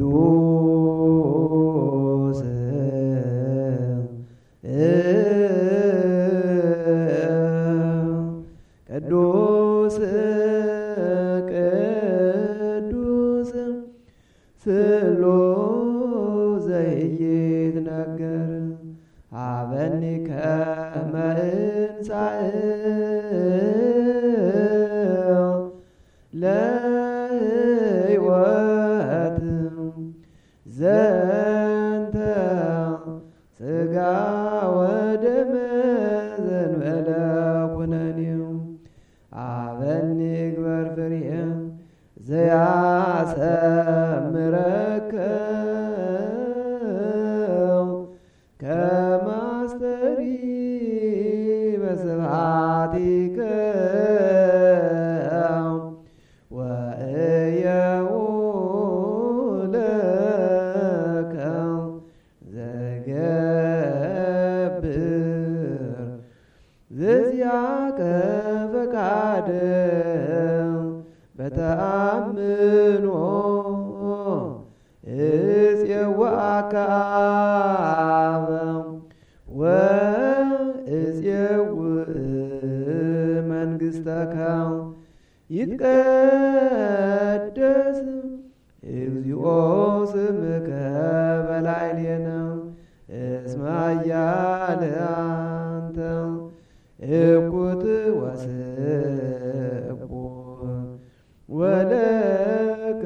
ቅዱስ ቅዱስ ቅዱስ ስሎ ነገር አበኒ ከመ በእንተ ስጋ ወደም ዘንበለ ኩነኔው አበኒ ግበር ፍሬየ ከማስተሪ ዘገብር ዝዚያከ ፈቃደው በተአምኖ እጽዋካበው ወእጽው ይትቀደስ እግዚኦ ስምከ እስመ አንተ እኩት ወስቁ ወለከ